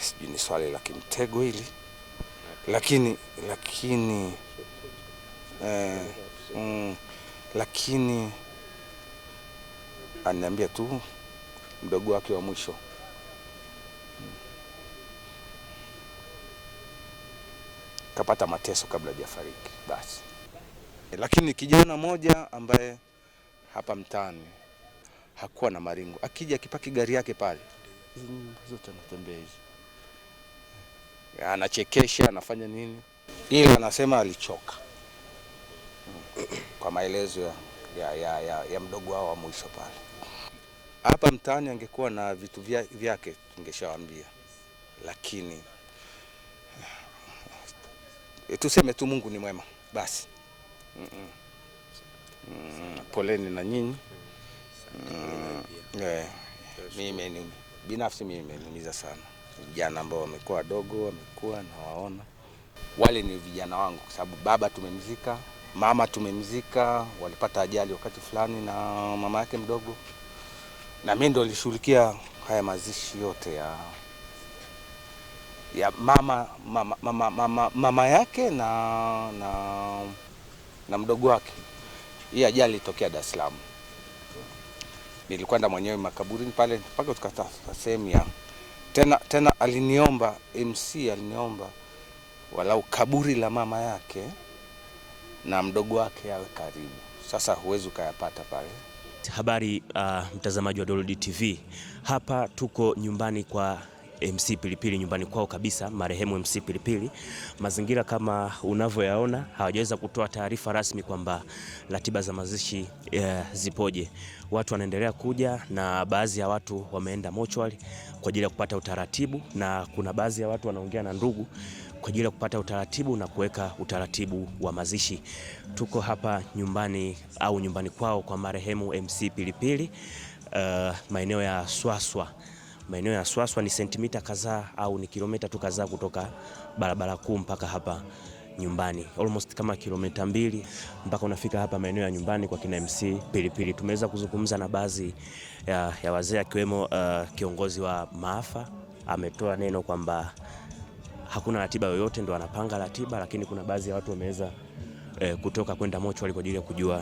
sijui ni swali la kimtego hili, lakini lakini eh, mm, lakini aniambia tu mdogo wake wa mwisho kapata mateso kabla hajafariki basi. Lakini kijana moja ambaye hapa mtaani hakuwa na maringo, akija akipaki gari yake pale, mm, hizo anatembea hizi anachekesha, anafanya nini, ila anasema alichoka kwa maelezo ya, ya, ya, ya, ya mdogo wao wa mwisho pale. Hapa mtaani angekuwa na vitu vyake tungeshawaambia, lakini eh, tuseme tu Mungu ni mwema basi. mm -mm. Mm, poleni na nyinyi. Mm, yeah. Mimi binafsi mimi imeniumiza sana vijana ambao wamekuwa wadogo, wamekuwa nawaona, wale ni vijana wangu, kwa sababu baba tumemzika, mama tumemzika, walipata ajali wakati fulani na mama yake mdogo, na mimi ndo nilishughulikia haya mazishi yote ya ya mama mama, mama, mama, mama yake na, na, na mdogo wake. Hii ajali ilitokea Dar es Salaam, nilikwenda mwenyewe makaburini pale mpaka tukata sehemu ya tena, tena aliniomba MC aliniomba walau kaburi la mama yake na mdogo wake awe karibu. Sasa huwezi ukayapata pale. Habari uh, mtazamaji wa Dollywood TV, hapa tuko nyumbani kwa MC Pilipili nyumbani kwao kabisa, marehemu MC Pilipili. Mazingira kama unavyoyaona, hawajaweza kutoa taarifa rasmi kwamba ratiba za mazishi yeah, zipoje. Watu wanaendelea kuja na baadhi ya watu wameenda mochwali kwa ajili ya kupata utaratibu, na kuna baadhi ya watu wanaongea na ndugu kwa ajili ya kupata utaratibu na kuweka utaratibu wa mazishi. Tuko hapa nyumbani au nyumbani kwao kwa marehemu MC Pilipili, uh, maeneo ya Swaswa maeneo ya Swaswa ni sentimita kadhaa au ni kilomita tu kadhaa kutoka barabara kuu mpaka hapa nyumbani almost kama kilomita mbili mpaka unafika hapa maeneo ya nyumbani kwa kina MC Pilipili. Tumeweza kuzungumza na baadhi ya, ya wazee akiwemo uh, kiongozi wa maafa ametoa neno kwamba hakuna ratiba yoyote, ndo anapanga ratiba, lakini kuna baadhi ya watu wameweza eh, kutoka kwenda mochwali kwa ajili ya kujua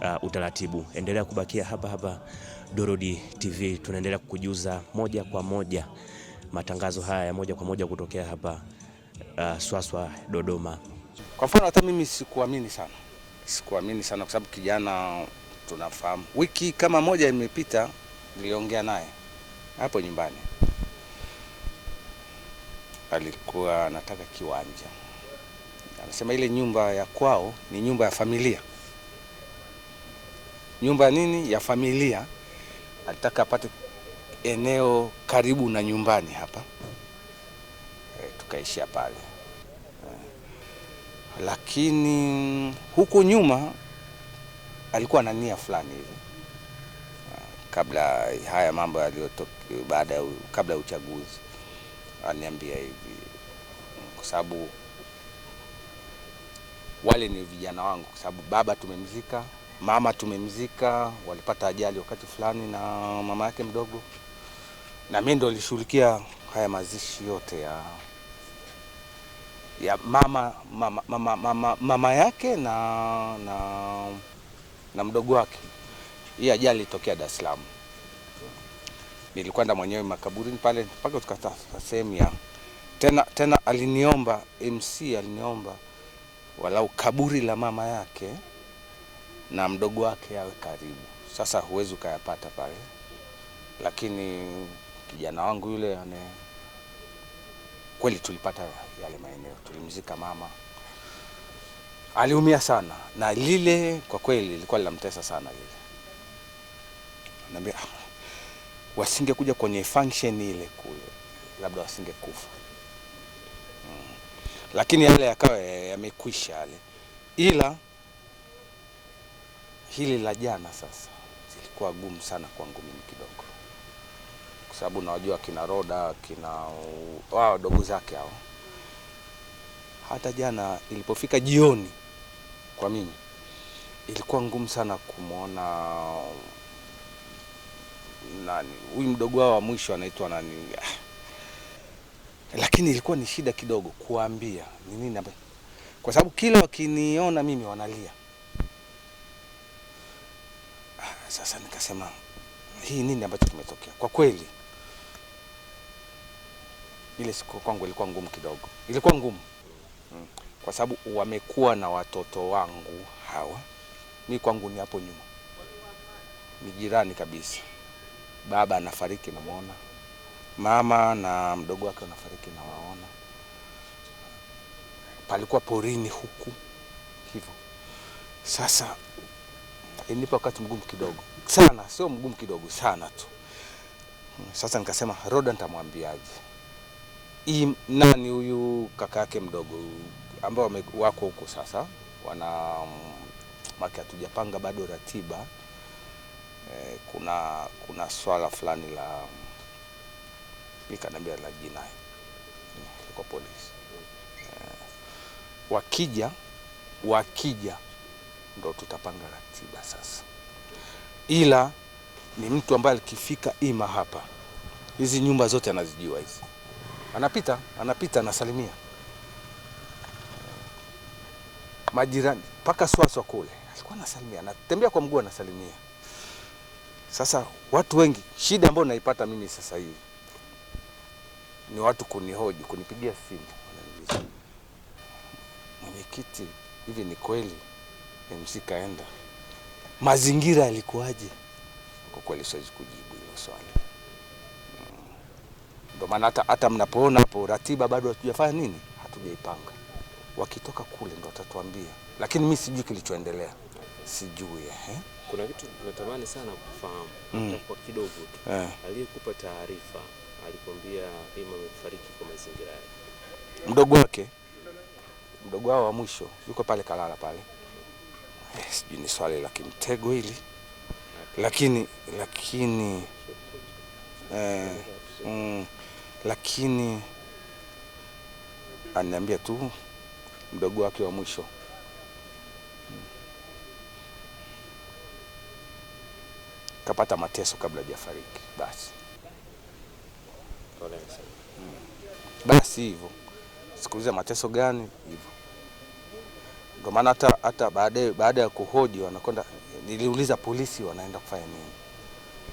uh, utaratibu. Endelea kubakia hapa hapa dorodi TV tunaendelea kukujuza moja kwa moja matangazo haya ya moja kwa moja kutokea hapa uh, Swaswa Dodoma. Kwa mfano hata mimi sikuamini sana, sikuamini sana kwa sababu kijana tunafahamu. Wiki kama moja imepita niliongea naye hapo nyumbani, alikuwa anataka kiwanja, anasema ile nyumba ya kwao ni nyumba ya familia, nyumba nini ya familia alitaka apate eneo karibu na nyumbani hapa e, tukaishia pale e, lakini huku nyuma alikuwa na nia fulani hivi e, kabla haya mambo yaliyotokea baada ya kabla ya uchaguzi aliniambia hivi, kwa sababu wale ni vijana wangu, kwa sababu baba tumemzika Mama tumemzika, walipata ajali wakati fulani na mama yake mdogo, na mimi ndo nilishughulikia haya mazishi yote ya ya mama mama, mama, mama, mama yake na, na, na mdogo wake. Hii ajali ilitokea Dar es Salaam, nilikwenda mwenyewe makaburini pale mpaka tukafika sehemu ya tena tena, aliniomba MC aliniomba walau kaburi la mama yake na mdogo wake awe karibu. Sasa huwezi ukayapata pale, lakini kijana wangu yule ane kweli tulipata yale maeneo, tulimzika mama, aliumia sana, na lile kwa kweli lilikuwa linamtesa sana lile. Naambia ah, wasingekuja kwenye function ile kule, labda wasingekufa mm. Lakini yale yakawa yamekwisha yale, ila hili la jana sasa zilikuwa gumu sana kwangu mimi kidogo, kwa sababu nawajua kina Roda kina wao dogo zake hao. Hata jana ilipofika jioni kwa mimi ilikuwa ngumu sana kumwona nani huyu mdogo wao wa mwisho anaitwa nani, lakini ilikuwa ni shida kidogo kuwaambia ni nini, kwa sababu kila wakiniona mimi wanalia Sasa nikasema hii nini ambacho kimetokea? Kwa kweli ile siku kwangu ilikuwa ngumu kidogo, ilikuwa ngumu mm. kwa sababu wamekuwa na watoto wangu hawa, mi kwangu ni hapo nyuma, ni jirani kabisa. Baba anafariki namwona, mama na mdogo wake anafariki nawaona, palikuwa porini huku hivyo. Sasa ilinipa wakati mgumu kidogo sana, sio mgumu kidogo sana tu. Hmm, sasa nikasema Roda nitamwambiaje? Hii nani huyu kaka yake mdogo ambao wako huko sasa wana mm, maki, hatujapanga bado ratiba eh, kuna kuna swala fulani la ikaniambia la jinai kwa eh, polisi eh, wakija wakija ndo tutapanga ratiba sasa, ila ni mtu ambaye alikifika ima hapa, hizi nyumba zote anazijua hizi, anapita anapita, anasalimia majirani mpaka Swaswa kule alikuwa anasalimia, anatembea kwa mguu anasalimia. Sasa watu wengi, shida ambayo naipata mimi sasa hivi ni watu kunihoji, kunipigia simu, mwenyekiti, hivi ni kweli MC kaenda. Mazingira yalikuwaje? Kwa kweli siwezi kujibu hilo swali. Hmm. Ndio maana hata hata mnapoona hapo ratiba bado hatujafanya nini, hatujaipanga. Wakitoka kule ndo watatuambia, lakini mi sijui kilichoendelea, sijui eh. Kuna kitu natamani sana kufahamu mm. kwa kidogo tu eh. Aliyekupa taarifa alikwambia Rima amefariki kwa mazingira yake? Mdogo wake, mdogo wao wa mwisho yuko pale, kalala pale Eh, sijui ni swali la kimtego hili, lakini lakini eh, mm, lakini ananiambia tu mdogo wake wa mwisho kapata mateso kabla hajafariki. Basi mm. basi hivyo, sikuuliza mateso gani hivyo. Ndio maana hata hata baadaye baada ya kuhoji wanakwenda, niliuliza polisi wanaenda kufanya nini,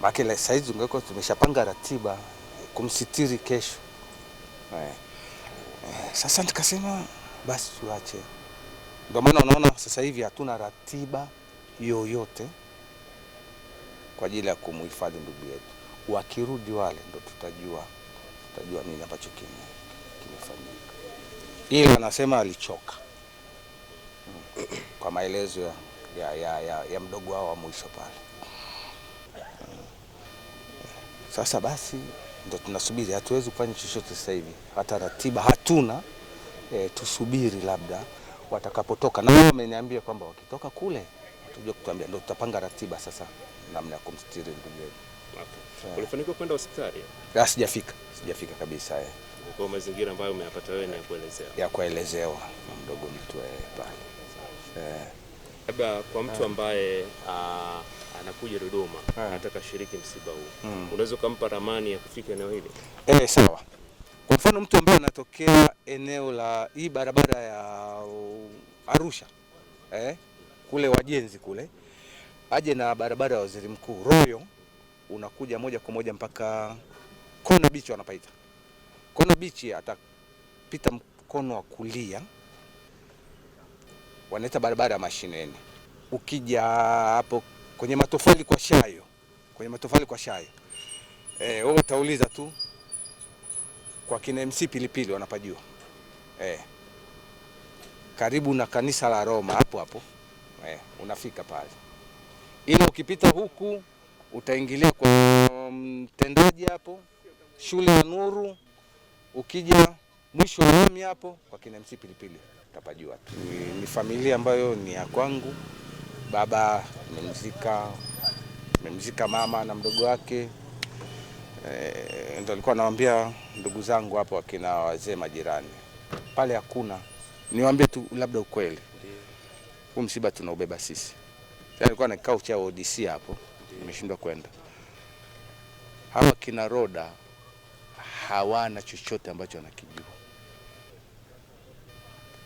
maana saizi ungekuwa tumeshapanga ratiba kumsitiri kesho. Eh, eh, sasa nikasema basi tuache. Ndio maana unaona sasa hivi hatuna ratiba yoyote kwa ajili ya kumhifadhi ndugu yetu. Wakirudi wale ndo tutajua, tutajua nini ambacho kimefanyika, ila anasema alichoka kwa maelezo ya, ya, ya, ya, ya mdogo wao wa mwisho pale. Sasa basi ndo tunasubiri, hatuwezi kufanya chochote sasa hivi, hata ratiba hatuna e, tusubiri labda watakapotoka, na wameniambia kwamba wakitoka kule watakuja kutuambia, ndo tutapanga ratiba sasa namna ya kumstiri ndugu yetu. Ulifanikiwa kwenda hospitali? Ah, sijafika, sijafika kabisa eh. Kwa mazingira ambayo umeyapata wewe ni ya kuelezewa. Ya kuelezewa mdogo mtu eh pale. Labda eh, kwa mtu ah. ambaye ah, anakuja Dodoma ah. anataka shiriki msiba huu mm, unaweza ukampa ramani ya kufika eneo hili eh? Sawa, kwa mfano mtu ambaye anatokea eneo la hii barabara ya uh, Arusha eh, kule wajenzi kule, aje na barabara ya Waziri Mkuu royo unakuja moja kwa moja mpaka kona bichi wanapaita kona bichi atapita mkono wa kulia wanaita barabara ya mashineni. Ukija hapo kwenye matofali kwa shayo, kwenye matofali kwa shayo e, wewe utauliza tu kwa kina MC Pilipili wanapajua e, karibu na kanisa la Roma hapo hapo e, unafika pale, ila ukipita huku utaingilia kwa mtendaji hapo shule ya Nuru, ukija mwisho wa Rami hapo kwa kina MC Pilipili tapajua tu. Ni, ni familia ambayo ni ya kwangu. Baba memzika, amemzika mama na mdogo wake e, ndo alikuwa anawaambia ndugu zangu hapo akina wazee majirani pale, hakuna niwaambie tu labda ukweli, huu msiba tunaubeba sisi. Yaani alikuwa na kikao cha ODC hapo, nimeshindwa kwenda. Hawa kina Roda hawana chochote ambacho wanakijua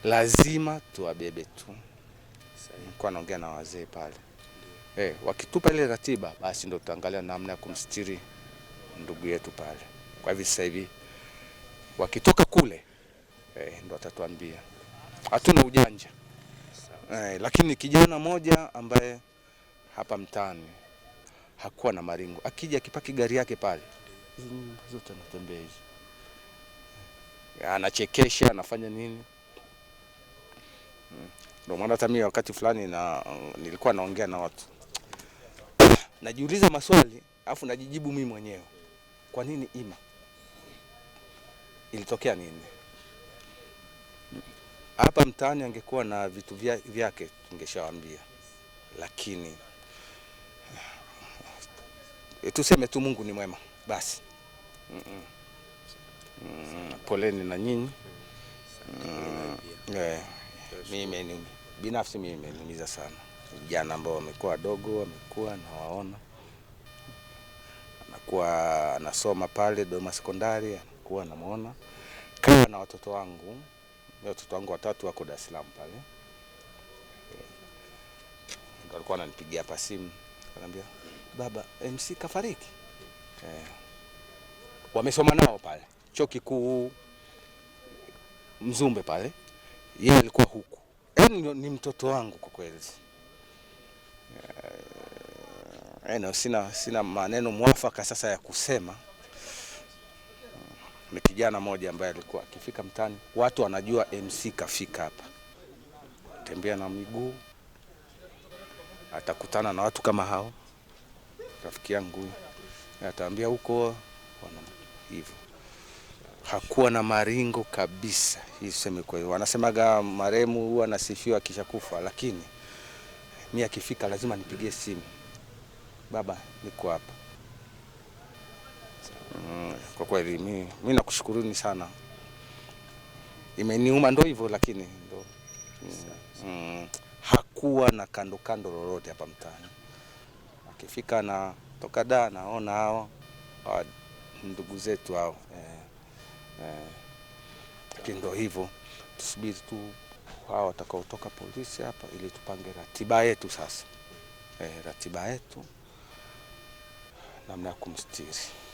lazima tuwabebe tu. Nilikuwa naongea na wazee pale eh, wakitupa ile ratiba, basi ndo tutaangalia namna ya kumstiri ndugu yetu pale. Kwa hivi sasa hivi wakitoka kule eh, ndo atatuambia. Hatuna ujanja eh, lakini kijana moja ambaye hapa mtaani hakuwa na maringo, akija akipaki gari yake pale zote anatembea hizo, anachekesha anafanya nini ndio maana hata mimi wakati fulani na nilikuwa naongea na watu najiuliza maswali afu najijibu mimi mwenyewe, kwa nini ima ilitokea nini hapa mtaani? Angekuwa na vitu vyake tungeshawaambia, lakini eh, tuseme tu Mungu ni mwema basi. mm -mm. Mm, poleni na nyinyi mm, yeah mimi binafsi mimi imeniumiza sana. Vijana ambao wamekuwa wadogo wamekuwa nawaona, anakuwa anasoma pale Dodoma Sekondari, anakuwa anamwona kama na watoto wangu, watoto wangu watatu wako Dar es Salaam pale, eh, alikuwa ananipigia hapa simu, akaniambia, baba MC kafariki eh. Wamesoma nao pale chuo kikuu Mzumbe pale, yeye alikuwa huku ni, ni mtoto wangu kwa kweli. E, sina, sina maneno mwafaka sasa ya kusema. Ni kijana mmoja ambaye alikuwa akifika mtaani, watu wanajua MC kafika hapa, tembea na miguu, atakutana na watu kama hao. Rafiki yangu ataambia huko hivyo hakuwa na maringo kabisa. Hii sema kweli, wanasemaga marehemu huwa anasifiwa akishakufa, lakini mimi akifika lazima nipigie simu, baba, niko hapa. Mm, kwa kweli mimi mimi nakushukuruni sana, imeniuma ndo hivyo, lakini ndo mm, hakuwa na kando kando lolote hapa mtaani. Akifika na toka da naona hao ndugu zetu hao eh. Eh, lakini ndio hivyo, tusubiri tu hao watakaotoka polisi hapa ili tupange ratiba yetu sasa, eh, ratiba yetu namna ya kumstiri